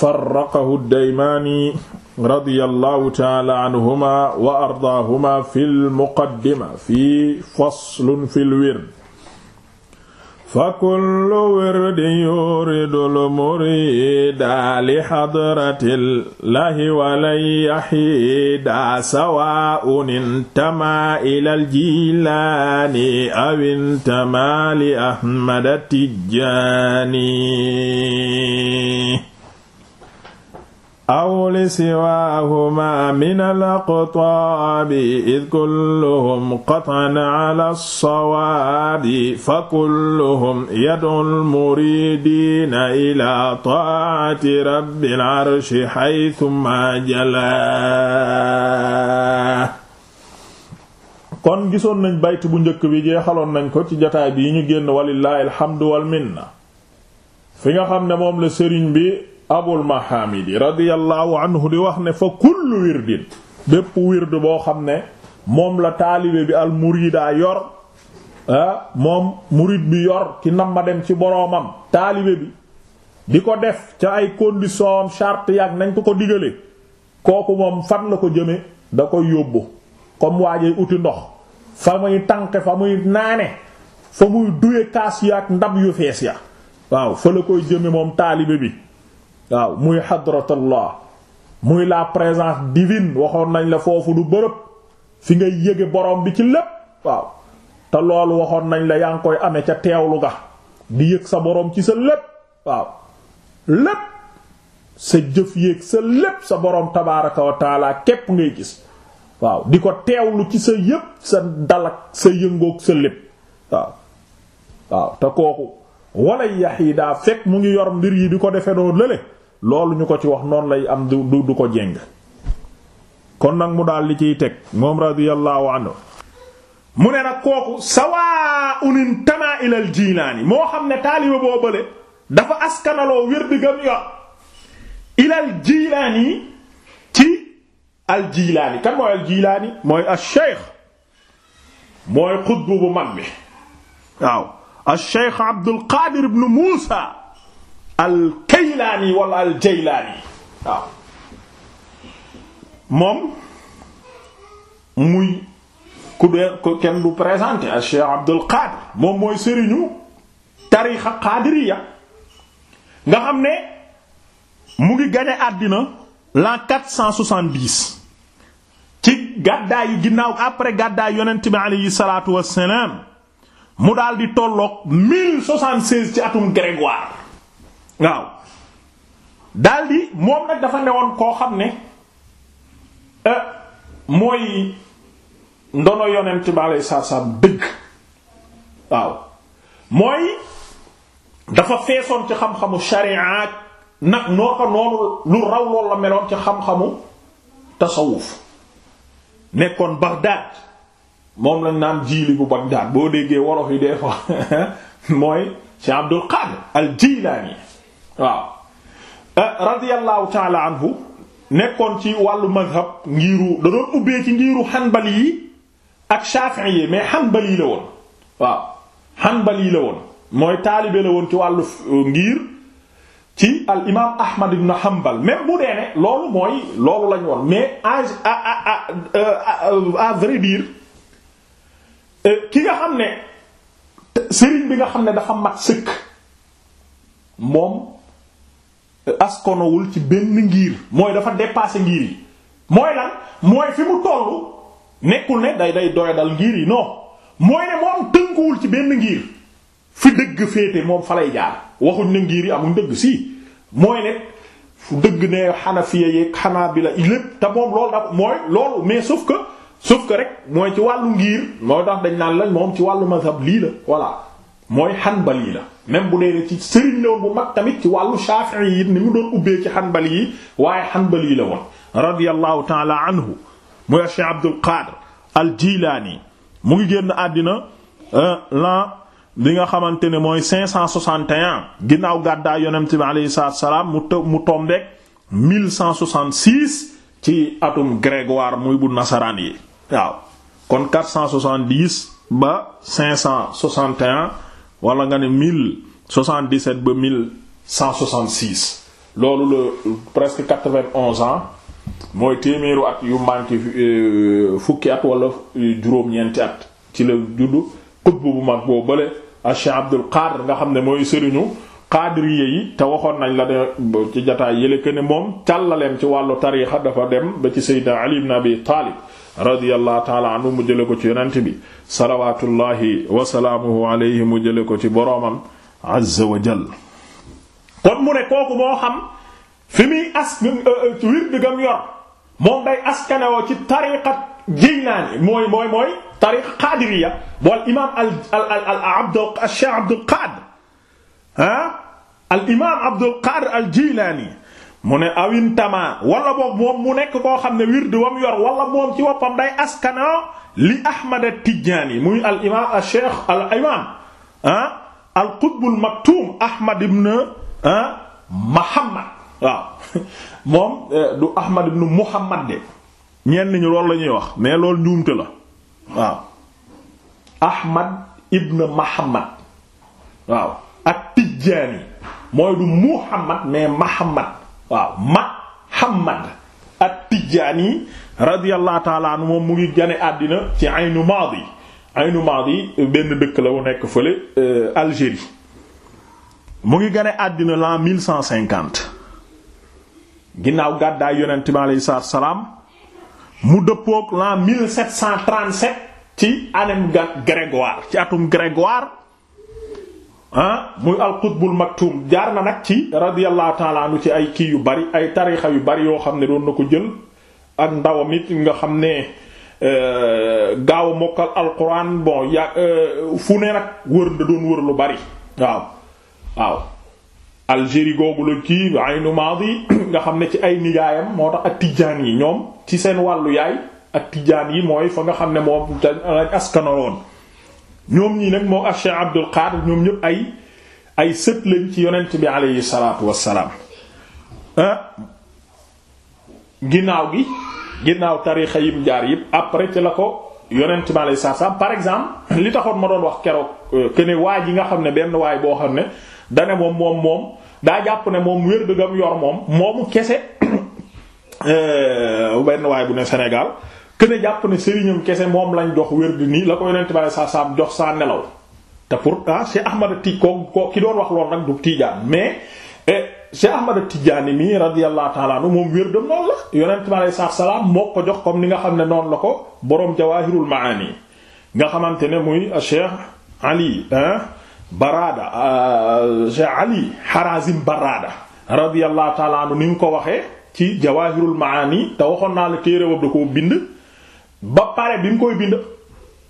farraqahu daymaani radiyallahu taala anhuma wa ardaahuma fil muqaddima fi faslun fil wird fa kullu wirdin yuridul murida li hadratillahi walan yahida sawaa'un intamaa ilal jilaani aw intamaa li ahmada tijjaani aw li siwaahuma min al-aqtaabi id kulluhum qatan ala as-sawaabi fa kulluhum yad'u al-muridiina ila taa'ati rabbil arshi haythuma jalaa kon gisoon nañ bayt bu njëkk bi jeexaloon nañ ko ci jotaay bi ñu génn walillaahi alhamdu wal minna fi nga xam ne moom la sëriñ bi abul mahamidi radiyallahu anhu di wax ne fa kullu wirdin bépp wird boo xam ne moom la taalibe bi al murida yor moom murid bi yor ki nam dem ci boroomam taalibe bi di ko def ca ay condition charte yàgg nañ ko ko digale kooku moom fan la ko jëme da koy yóbbu comme waajee uti ndox fa muy tànk fa muy naane fa muy duye kaas ya ak ndab yu fees ya waaw fa la koy jëme moom taalibe bi waaw muy xadratullah muy la présence divine waxoon nañ la foofu du bërëb fi ngay yëge borom bi ci lépp waaw te loolu waxoon nañ la yaa ngi koy amee ca teewlu ga di yëg sa borom ci sa lépp waaw lépp sa jëf yéeg sa lépp sa borom tabaaraka wa taala képp ngay gis waaw di ko teewlu ci sa yëpp sa dalak sa yëngoog sa lépp waaw waaw te kooku wala yaxiidaa fekk mu ngi yor mbir yi di ko defe doo lële loolu ñu ko ci wax noonu lay am du du ko jéng kon nag mu daal li ciy teg moom radiyallahu anhu mu ne nag kooku sawaa'un intamaa ilal jiilaani moo xam ne taaliba boo bële dafa askanaloo wér di gëm yor ilal jiilaani ci al jiilaani kan mooy al jiilaani mooy al sheikh mooy xutbu bu mag bi waaw acheikh Abdul Qadir ibn Moussa al-Kaylaani wala al-Jaylaani moom muy ku dee ko kenn du présenté acheikh Abdul Qadir moom mooy sëriñu tariixa qaadiriya nga xam ne mu ngi gane àddina l'an 470 ci gàddaay yi ginnaaw après gàddaay yonent bi aleyhi wassalaam mu daal di tollook tolloog 1076 ci atum grégoire waaw daal di moom nag dafa newoon koo xam ne euh, mooy ndono yonent bi aleyhi salaatu dëgg waaw mooy dafa feesoon ci xam-xamu sharia nag noo ko noonu lu raw loolu meloon ci xam-xamu tasawuf nekkoon Bagdad moom lañ naan jiili bu Bagdad boo déggee wolof yi des fois mooy Cheikh Abdul Qadir al Jilaani waaw eh, radiyallahu taala anhu nekkoon ci wàllu mazhab ngiiru da doon ubbee ci ngiiru xanbali yi ak Shafi'i yi mais xanbali yi la woon waaw xanbali yi la woon mooy taalibe la woon ci wàllu euh, ngiir ci al imaam Ahmad ibn Hanbal même bu dee ne loolu mooy loolu lañ woon mais à à à à euh, Euh, ki nga xam ne sëriñ bi nga xam ne dafa mat sëkk moom euh, askonowul ci benn ngir mooy dafa dépassé ngir yi mooy lan mooy fi mu tollu nekkul ne day day doyadal ngir yi no mooy ne moom tënkuwul ci benn ngir fi dëgg féete moom fa lay jaar waxuñ ne ngir yi amuñ dëgg si mooy ne fu dëgg ne xanafiya yeeg xanaabila lépp te moom loolu da mooy loolu mais sauf que sauf que rek mooy ci wàllu ngiir mooy tax dañ naan lañ moom ci wàllu mazhab lii la voilà mooy xanbali la même bu dee ci sëriñ la woon bu mag tamit ci wàllu shafi'i yi ni mu doon ubbee ci xanbali yi waaye xanbali yi la woon radiyallahu taala anhu muy Cheikh Abdul Qadir al Jilani mu ngi génn àddina euh, l'an bi nga xamante ne mooy 561 ginnaaw gàddaay yonent bi alayhi salaatu salaam mu të mu tombeek 1166 ci atum grégoire muy bu nasaraan yi waaw kon 470 ba 561 wala nga ne 1077 ba mille cent 1166 loolu la presque 91 ans mooy téeméeri at yu manqué euh, fukki at wala euh, juróom-ñeenti at ci la juddu xutbu bu mag boo bële Cheikh Abdul Qadir nga xam ne mooy sëriñu qaadiriye yi te waxoon nañ la de ci jataay yële que ne moom càllaleem ci wàllu tariixa dafa dem ba ci sayyidina ali ibn abi taalib radiyallahu taala anhu mu jële ko ci yonent bi salawatullahi wasalaamuhu alayhi mu jële ko ci boroomam azza wa jal kon mu ne kooku moo xam fi muy as euh, euh, wir bi gam yor moom day askanewoo ci tariixa Jaylaani mooy mooy mooy tariixa qaadiriya bool imaam al al al abd al shaykh Abdul Qaadir ah al imaam Abdul Qadir al Jilaani mu ne awin tama wala boog moom mu nekk koo xam ne wird wam yor wala moom ci woppam day askana li Ahmad at-Tijaani muy al imaam al cheikh al imaam al qutb al maktum Ahmad ibn Muhammad eh, du Ahmad ibn Muhammad de ñenn ñu loolu la wax mais loolu njuumte la waaw Ahmad ibn Muhammad waaw. ak tijjaani mooy du muhammad mais mahammad waaw mahammad ak tijjaani radiyallahu taala anhu moom mu ngi gane àddina ci aynu maadi aynu maadi benn dëkk la wu nekk fële euh, Algérie mu ngi gane àddina l'an mille cent cinquante ginnaaw gàddaay yonent bi aleyhi salaatu mu dëppook la mille sept ci anem Grégoire ci atum Grégoire ah muy alqutbul maktum jaar na nag ci radiyallahu taala anu ci ay kii yu bari ay tarixa yu bari yoo xam ne doon na ko jël ak ndawam it nga xam ne euh, gaaw a mokkal alquran bon ya euh, fu ne nag wër da doon wër lu bari waaw waaw Algérie googu la kii aynu maadi nga xam ne ci ay nijaayam moo tax ak tijjaan yi ñoom ci seen wàllu yaay ak tijjaan yi mooy fa nga xam ne moom lañ askanaloon ñoom ñii nag moom ak Cheikh Abdul Qadir ñoom ñëpp ay ay sët lañ ci yonent bi aleyhi salaatu wassalaam ah, ginnaaw gi ginnaaw tarixa yim jaar yëpp après ci la ko yonent bi aleyhi salaatu wassalaam par exemple li taxoon ma doon wax keroog euh, que ne waa ji nga xam ne benn waay boo xam ne dane moom moom moom daa jàpp ne moom wér dëggam yor moom moomu kese euh, benn waay bu ne Sénégal ne jàpp ne sëriñam kese moom lañ jox wér di nii la ko yonent bale saa saam jox saa nelaw te pour ah, Cheikh Ahmad ti ko ko ki doon wax lool nag du Tijaan mais eh, Cheikh Ahmad Tijaani mi radiyallahu ta'ala anhu moom wér dam noonu la yonent bi alayhi salaam moo ko jox comme ni nga xam ne noonu la ko boroom Jawaahirul Maani nga xamante ne muy ah, Cheikh Ali ah, Barada Cheikh Ali Harazim Barada radiyallahu ta'ala ni nga ko waxee ci Jawaahirul Maani te waxoon naa la téere ba pare bi mu koy bind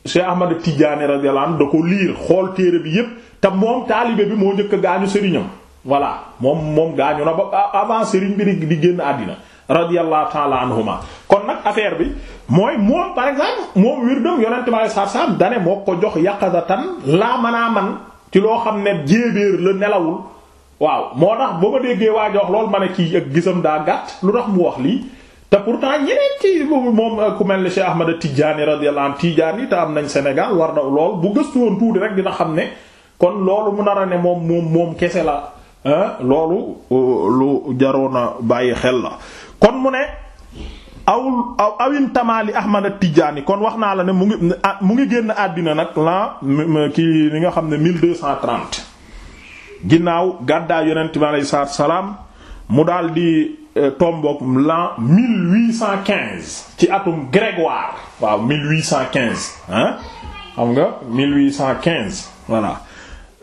Cheikh Ahmad Tidiane radiyallahu anhu da ko liir xool téere bi yépp te moom taalibe bi moo njëkk a gaañu sëriñam voilà moom moom gaañu na ba avant sëriñ bi di génn àddina radiyallahu ta'ala anhuma kon nag affaire bi mooy moom par exemple moom wirdam yonent ma sar sam dane moo ko jox yaqazatan laa manaa man ci loo xam ne jéebéer la nelawul waaw moo tax ba ma déggee waa jox loolu ma ne kii gisam daa gàtt lu tax mu wax lii te pourtant ñeneen ci moom ku mel ni Cheikh Ahmad Tidjani radiyallahu anhu Tidjani te am nañ senegal war na lool bu gëstu woon tuuti rek dina xam ne kon loolu mu nar ne moom moom moom kese la loolu euh, lu jaroon bàyyi xel la kon mu ne awul aw awin tamaali Ahmad Tidjani kon wax naa la ne mu ngi mu ngi génn àddina nag la ki li nga xam ne 1230 ginnaaw gàddaay yonent bi alayhi salaam mu daldi Euh, tombook l'an 1815 ci atum grégoire waaw 1815 hein xam nga 1815 voilà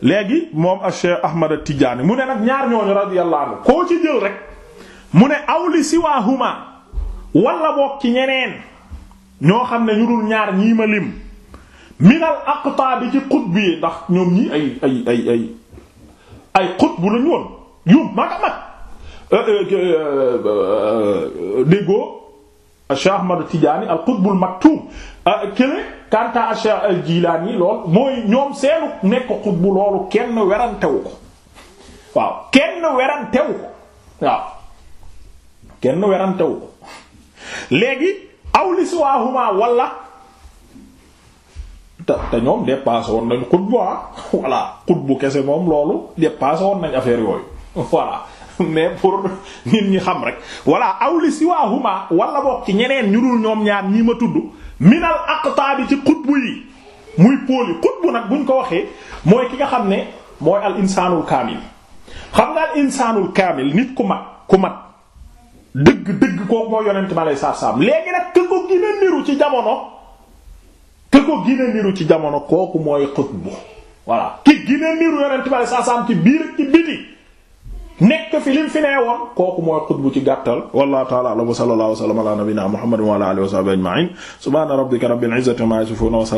léegi moom a Cheikh Ahmad Tidiane mu ne nag ñaar ñooñu radiyallahu anhu koo ci jël rek mu ne awli siwaahuma wala bokk ci ñeneen ñoo xam ne ñu dul ñaar ñii ma lim minal aqta bi ci xutb yi ndax ñoom ñi ay ay ay ay xutb lañu woon yu mag mag Euh, euh, euh, déggoo Cheikh Ahmad Tidiane al qutbul kële kanta a Cheikh al Jilani lool mooy ñoom seenu nekk qutbu loolu kenn werantewu ko waaw kenn werantewu ko ko léegi aw li siwaahuma walla te te ñoom dépassé woon nañu qutbu ah voilà kese moom loolu dépassé woon nañ affaire yooyu voilà mais pour nit ñi xam rek walla awli siwaahuma wala bokk ci ñeneen ñu dul ñoom ñaar ñii ma tudd minal aqtaabi ci xutbu yi muy pôle yi xutbu nag buñ ko waxee mooy ki nga xam ne mooy al insaanul kaamil xam nga al insaanul kaamil nit ku mat ku mat dëgg dëgg kooku mooy yonent ma lay saab léegi nag ka ko gën niru ci jamono ka ko gën niru ci jamono kooku mooy xutbu voilà ki gën niru yonent ma lay saab ci biir ci biti nekk fi lim fi kooku mooy xutbu ci gàttal wallahu ta'ala a'lam wa sallallahu alayhi wa sallam ala nabiyyina muhammadin wa ala alihi wa sahbihi ajma'in subhana rabbika rabbil izzati